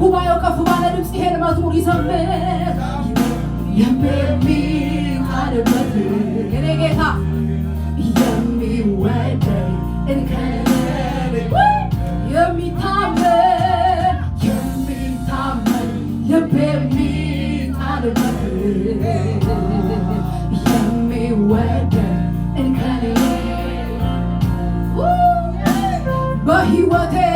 ጉባኤው ከፍ ባለ ድምፅ ይሄን መዝሙር ይዘምር የኔ ጌታ he wanted.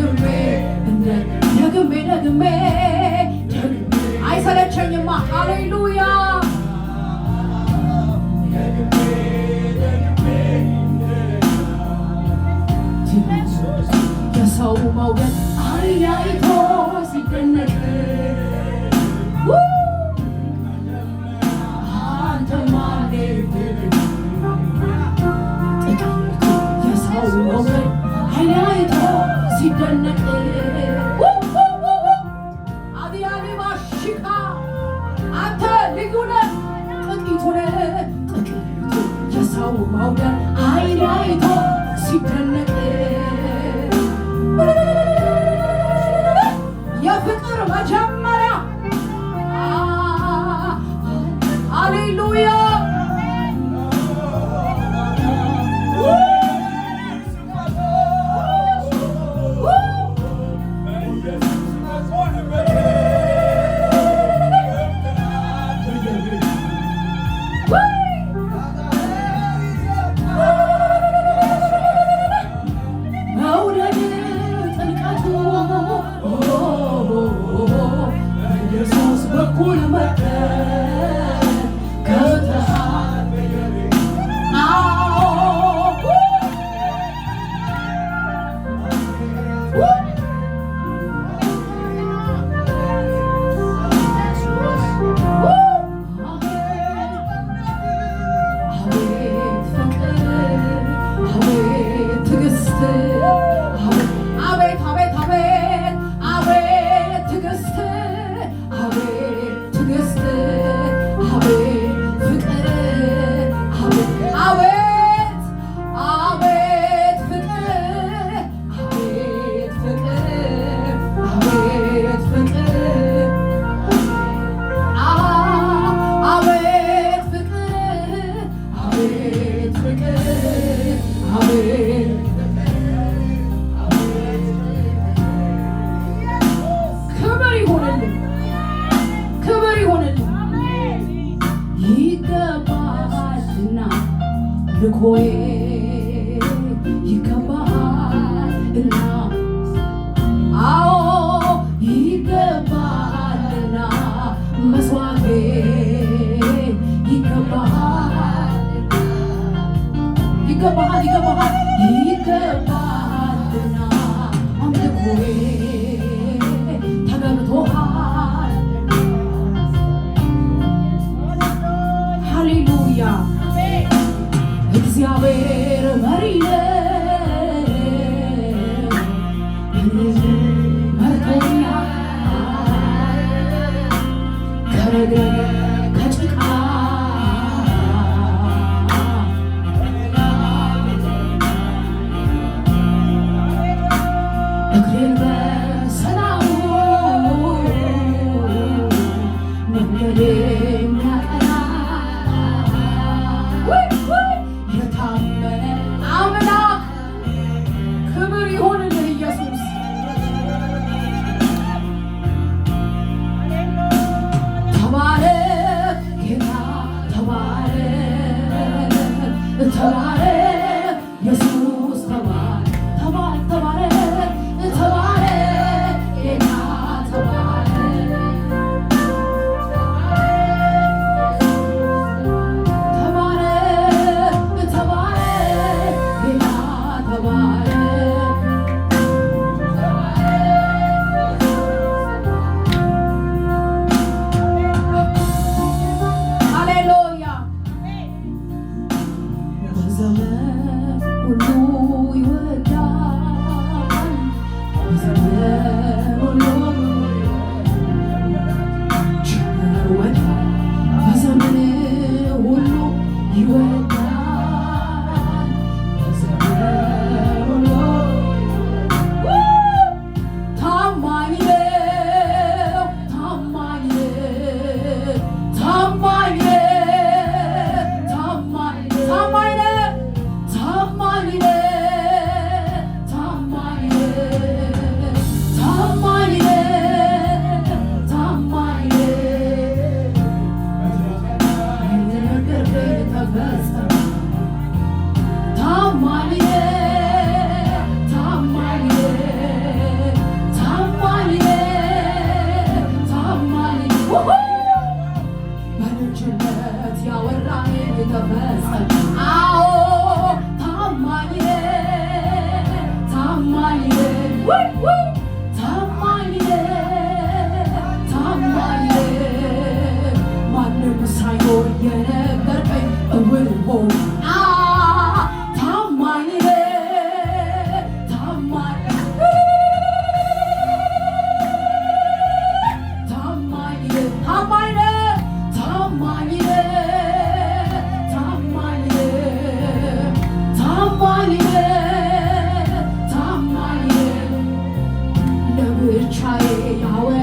ደግሜ ደግሜ ደግሜ አይሰለቸኝማ። ሃሌሉያ የሰው መውደድ አይቶ ሲደነቅ ማውደር አይለይቶ ሲደነቅ The of us. try it, Yahweh.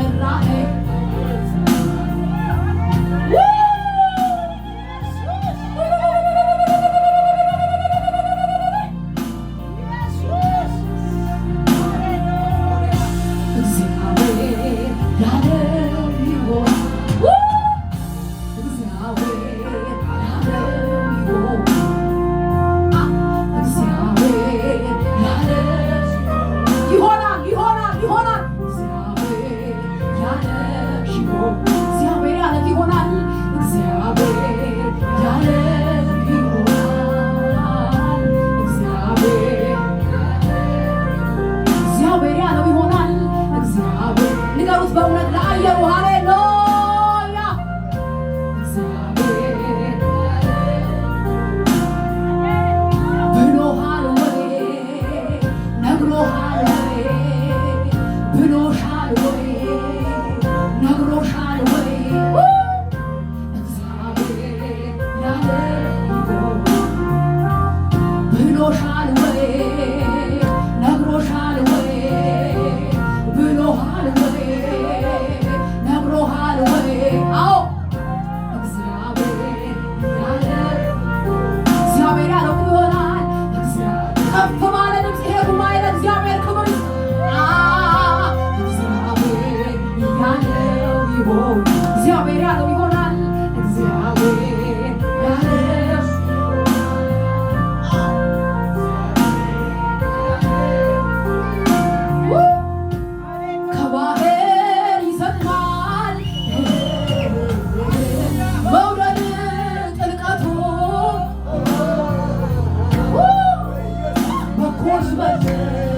was my time.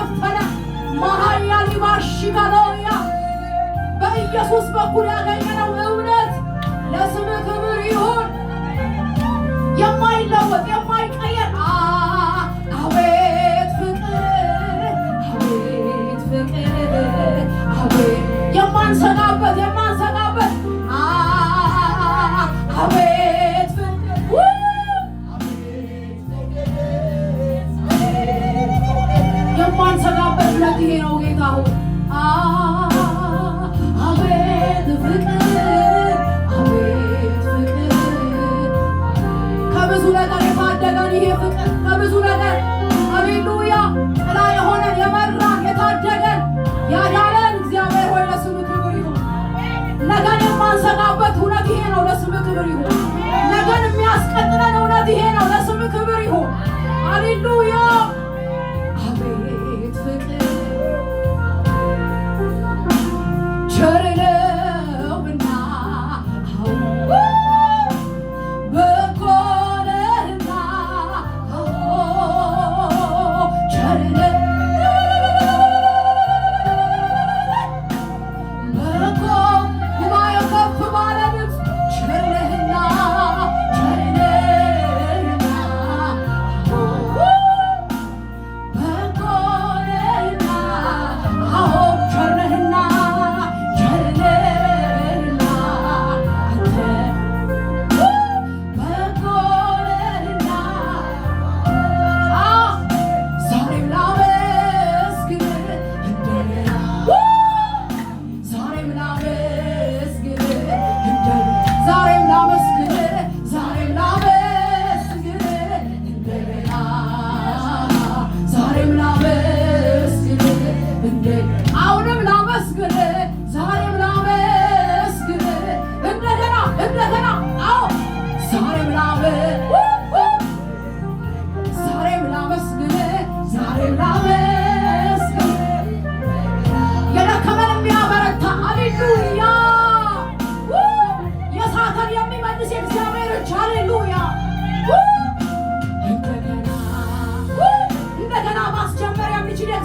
የተሸፈነ መሀያ ሊባሺ ባለውያ በኢየሱስ በኩል ያገኘነው እውነት ለስም ክብር ይሁን። የማይለወጥ የማይቀየር አቤት ፍቅር፣ አቤት ፍቅር፣ አቤት የማንሰናበት ክብር ይሁን። ነገን የሚያስቀጥለን እውነት ይሄ ነው። ለስም ክብር ይሁን። ሃሌሉያ። አቤት ፍቅር ቸር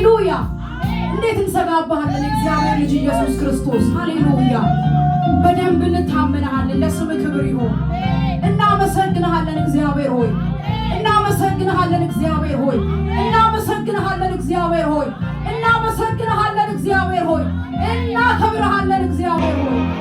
ሃሌሉያ! እንዴት እንሰጋባሃለን እግዚአብሔር ልጅ ኢየሱስ ክርስቶስ ሃሌሉያ! በደንብ እንታመናሃለን። ለስም ክብር ይሁን። እናመሰግንሃለን እግዚአብሔር ሆይ እናመሰግንሃለን እግዚአብሔር ሆይ እናመሰግንሃለን እግዚአብሔር ሆይ እናመሰግንሃለን እግዚአብሔር ሆይ እናከብርሃለን እግዚአብሔር ሆይ